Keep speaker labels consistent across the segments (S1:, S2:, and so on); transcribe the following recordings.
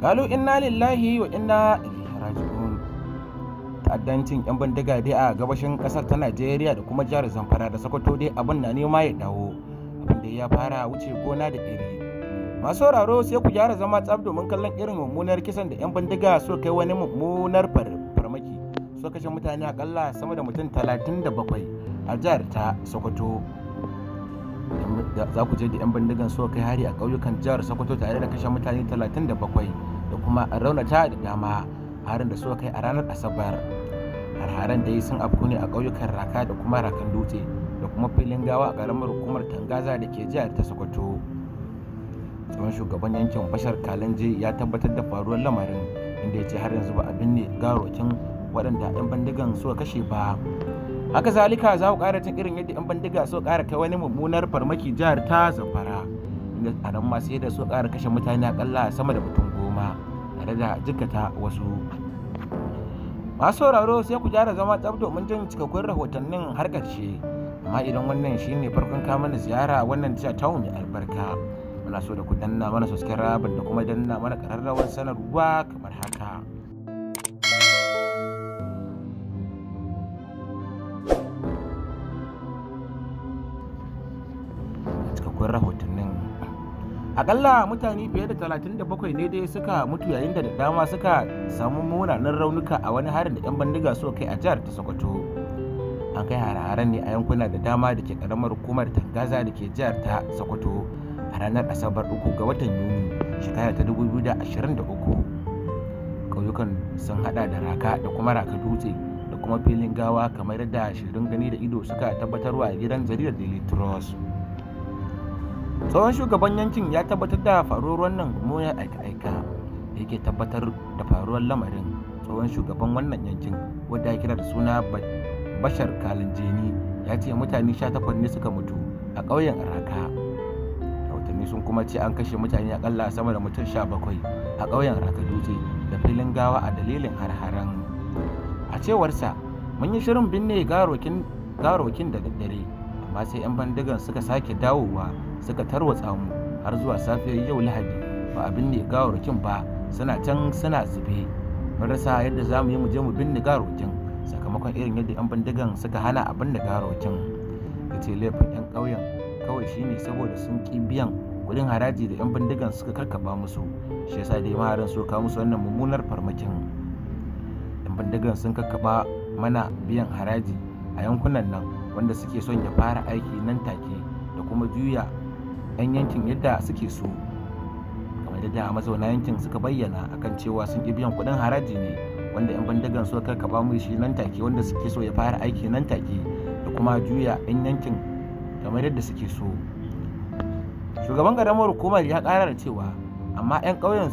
S1: kalu inna lillahi wa inna ilaihi raji'un ta'addancin yan bindiga dai a gabashin kasar ta Najeriya da kuma jihar Zamfara da Sokoto dai abin na nema ya dawo abin da ya fara wuce gona da iri masu sauraro sai ku gyara zama tsab domin kallon irin mummunar kisan da yan bindiga so kai wani mummunar farmaki so kashe mutane akalla sama da mutum 37 a jihar ta Sokoto za ku je da 'yan bindigan suka kai hari a ƙauyukan jihar sokoto tare da kashe mutane 37 da kuma raunata da dama harin da suka kai a ranar asabar harharen da yi sun afku ne a ƙauyukan raka da kuma rakan dutse da kuma filin gawa a ƙaramar hukumar tangaza da ke jihar ta sokoto tsohon shugaban yankin bashar kalanji ya tabbatar da faruwar lamarin inda ya ce har yanzu ba a binne garokin waɗanda 'yan bindigan suka kashe ba haka zalika za ku ƙara cin irin yadda 'yan bandiga so ƙara kai wani mummunar farmaki jihar ta zamfara inda a nan ma sai da suka ƙara kashe mutane aƙalla sama da mutum goma tare da jikata wasu masu sauraro sai ku gyara zama tsabto domin jin cikakkun rahotannin har ƙarshe amma idan wannan shine farkon kama mana ziyara wannan jiya ta mai albarka muna so da ku danna mana subscribe da kuma danna mana ƙararrawar sanarwa kamar haka. akalla mutane fiye da 37 ne dai suka mutu yayin da dama suka samu munanan raunuka a wani harin da 'yan bandiga suka kai a jihar ta sokoto an kai hare ne a yankuna da dama da ke karamar hukumar tangaza da ke jihar ta sokoto a ranar asabar uku ga watan yuni shekara ta 2023 ƙauyukan sun hada da raka da kuma raka dutse da kuma filin gawa kamar yadda shirin gani da ido suka tabbatarwa a gidan jaridar daily trust tsohon shugaban yankin ya tabbatar da faruwar wannan mummunan aika-aika da yake tabbatar da faruwar lamarin tsohon shugaban wannan yankin wadda ya kira da suna bashar kalinjeni ya ce mutane 18 ne suka mutu a ƙauyen araka rahotanni sun kuma ce an kashe mutane akalla sama da mutum 17 a ƙauyen araka dutse da filin gawa a dalilin har-haren a cewarsa mun yi shirin binne garokin da daddare amma sai 'yan bandigan suka sake dawowa suka tarwatsa mu har zuwa safiyar yau lahadi ba abin ne gawarkin ba suna can suna zube mun rasa yadda za mu yi mu je mu binne garokin sakamakon irin yadda 'yan bindigan suka hana abin da garokin ya ce laifin 'yan ƙauyen kawai shine saboda sun ƙi biyan kuɗin haraji da 'yan bindigan suka karkaba musu shi yasa dai maharan so ka musu wannan mummunar farmakin 'yan bindigan sun karkaba mana biyan haraji a yankunan nan wanda suke son ya fara aiki nan take da kuma juya 'yan yankin yadda suke so kamar yadda mazauna yankin suka bayyana akan cewa sun ƙi biyan kuɗin haraji ne wanda 'yan bandagan suka ba mu shi nan take wanda suke so ya fara aiki nan take da kuma juya 'yan yankin kamar yadda suke so shugaban ƙaramar hukumar ya ƙara da cewa amma 'yan ƙauyen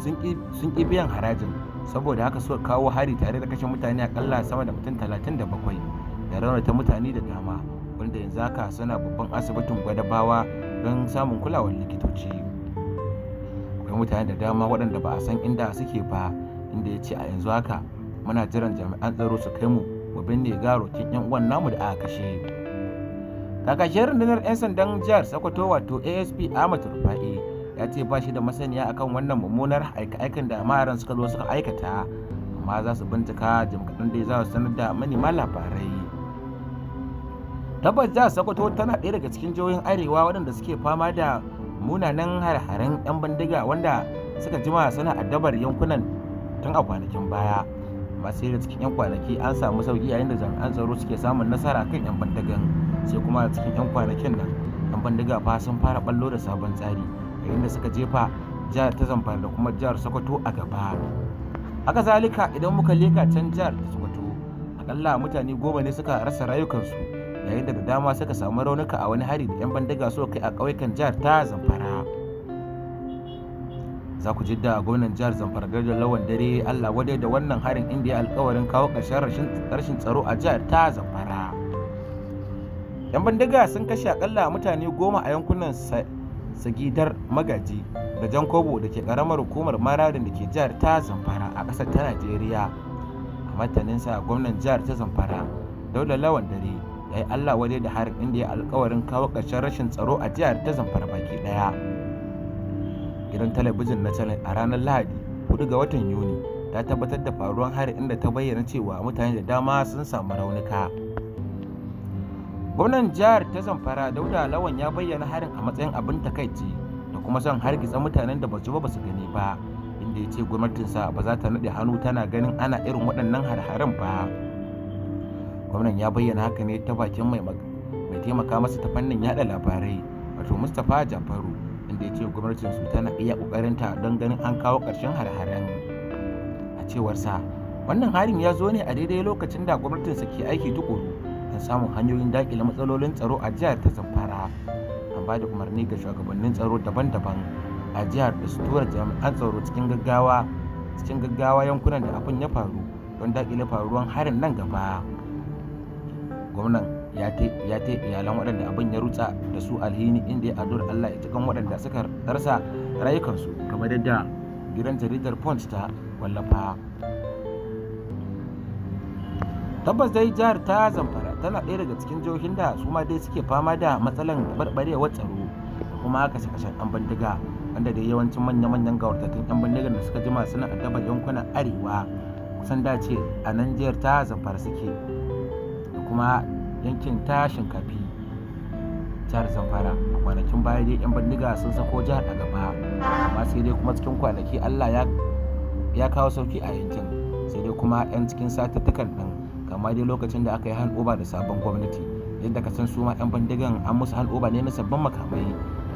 S1: sun ƙi biyan harajin saboda haka suka kawo hari tare da kashe mutane akalla sama da mutum 37 da raunata mutane da dama wanda yanzu haka suna babban asibitin gwadabawa don samun kulawar likitoci akwai mutane da dama waɗanda ba a san inda suke ba inda ya ce a yanzu haka muna jiran jami'an tsaro su kai mu mu binne garokin yan uwan namu da aka kashe kakashin rundunar 'yan sandan jihar sokoto wato asp ahmad rufa'i ya ce ba shi da masaniya akan wannan mummunar aika-aikan da maharan suka zo suka aikata amma za su bincika jim da ya za su sanar da manema labarai tabbas jihar sokoto tana ɗaya daga cikin jihohin arewa waɗanda suke fama da munanan harharen 'yan bindiga wanda suka jima suna addabar yankunan tun a kwanakin baya masu da cikin 'yan kwanaki an samu sauki yayin da jami'an tsaro suke samun nasara kan 'yan bindigan sai kuma cikin 'yan kwanakin nan 'yan bindiga fa sun fara ballo da sabon tsari yayin da suka jefa jihar ta zamfara da kuma jihar sokoto a gaba haka zalika idan muka leka can jihar sokoto akalla mutane goma ne suka rasa rayukansu yayin da da dama suka samu raunuka a wani hari da 'yan bandiga suka kai a ƙauyukan jihar ta zamfara za ku jidda da gwamnan jihar zamfara da lawan dare allah wadai da wannan harin inda ya alkawarin kawo ƙarshen rashin tsaro a jihar ta zamfara 'yan bandiga sun kashe akalla mutane goma a yankunan sagidar magaji da jankobo da ke karamar hukumar maradin da ke jihar ta zamfara a ƙasar ta najeriya a martaninsa gwamnan jihar ta zamfara daular lawan dare ya yi allah wadai da harin inda ya alkawarin kawo ƙarshen rashin tsaro a jihar ta zamfara baki ɗaya gidan talabijin na channel a ranar lahadi 4 ga watan yuni ta tabbatar da faruwar harin inda ta bayyana cewa mutane da dama sun samu raunuka gwamnan jihar ta zamfara dauda lawan ya bayyana harin a matsayin abin takaici da kuma son hargitsa mutanen da basu ba basu gani ba inda ya ce gwamnatinsa ba za ta naɗe hannu tana ganin ana irin waɗannan har-haren ba gwamnan ya bayyana haka ne ta bakin mai taimaka masa ta fannin yada labarai wato mustapha jafaru inda ya ce gwamnatin su tana iya kokarinta don ganin an kawo karshen har-haren a cewar sa wannan harin ya zo ne a daidai lokacin da gwamnatinsa ke aiki tukuru don samun hanyoyin dakile matsalolin tsaro a jihar ta zamfara an ba umarni ga shugabannin tsaro daban-daban a jihar da su tura jami'an tsaro cikin gaggawa cikin gaggawa yankunan da abin ya faru don dakile faruwan harin nan gaba gwamnan ya ta ya iyalan waɗanda abin ya rutsa da su alhini inda ya adura Allah ya cikin waɗanda suka rasa rayukansu kamar yadda gidan jaridar Punch ta wallafa tabbas dai jihar ta zamfara tana ɗaya daga cikin jihohin da su ma dai suke fama da matsalan barbarewar tsaro da kuma kashe-kashen ɗan bindiga wanda dai yawancin manya-manyan gawartattun 'yan bindigar da suka jima suna addabar yankunan arewa kusan dace a nan jihar ta zamfara suke kuma yankin ta shinkafi jihar zamfara a kwanakin baya dai yan bindiga sun sako jihar a gaba amma sai dai kuma cikin kwanaki allah ya kawo sauki a yankin sai dai kuma yan cikin satattukan ɗin kama dai lokacin da aka yi handoba da sabon gwamnati yadda ka san suma yan bindigan an musu handoba ne na sabbin makamai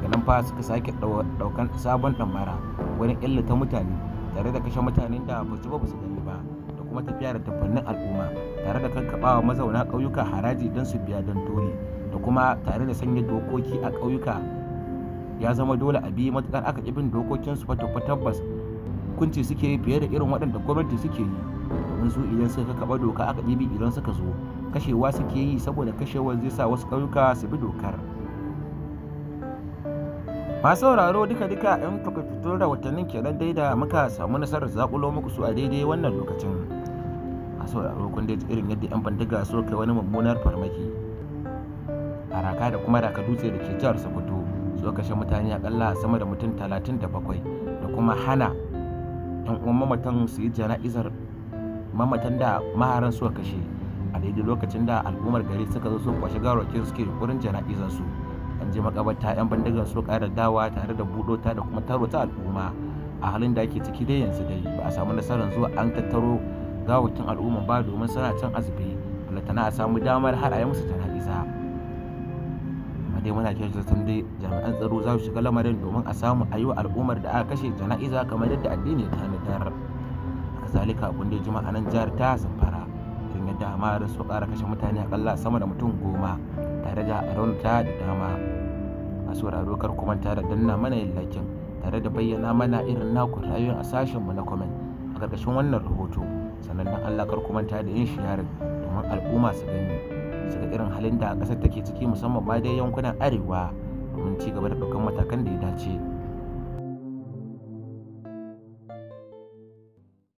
S1: daga nan fa suka sake ɗaukan sabon damara wurin illata mutane tare da kashe mutanen da ba su ba su gani ba da kuma tafiya da tafannin al'umma tare da kankabawa mazauna ƙauyuka haraji don su biya don dole da kuma tare da sanya dokoki a ƙauyuka ya zama dole a biyu matuƙar aka ƙi bin dokokin su fa tabbas hukunci suke yi fiye da irin waɗanda gwamnati suke yi domin su idan suka kaba doka aka ɗibi idan suka zo kashewa suke yi saboda kashewar zai sa wasu ƙauyuka su bi dokar masu sauraro duka duka yan kuka fito da watannin kenan dai da muka samu nasarar zakulo muku su a daidai wannan lokacin so a kun dai irin yadda 'yan bandiga so kai wani mummunar farmaki a raka da kuma raka dutse da ke jihar sokoto so kashe mutane akalla sama da mutum 37 da kuma hana yan uwan mamatan su yi jana'izar mamatan da maharan suka kashe a daidai lokacin da al'ummar gari suka zo su kwashe garokin suke wurin jana'izar su an je makabarta yan bandigar su kara dawa tare da budota da kuma tarota al'umma a halin da ake ciki dai yanzu dai ba a samu nasarar zuwa an tattaro gawakin al'umma ba domin suna can azumi tana a samu damar har a yi musu jana'iza amma dai muna kyautar zaton dai jami'an tsaro za su shiga lamarin domin a samu a yi al'ummar da aka kashe jana'iza kamar yadda addini ta a zalika abin da jima'a nan jihar ta zamfara tun yadda hamarin su ƙara kashe mutane akalla sama da mutum goma tare da raunata da dama a sauraro kar kuma tare da danna mana yin lakin tare da bayyana mana irin naku rayuwar a sashenmu na comment a ƙarƙashin wannan rahoto sannan dan Allah kar ku manta da yin shiyar domin al'umma su gani su ga irin halin da ƙasar take ciki musamman ba dai yankunan arewa domin ci gaba da ɗaukar matakan da ya dace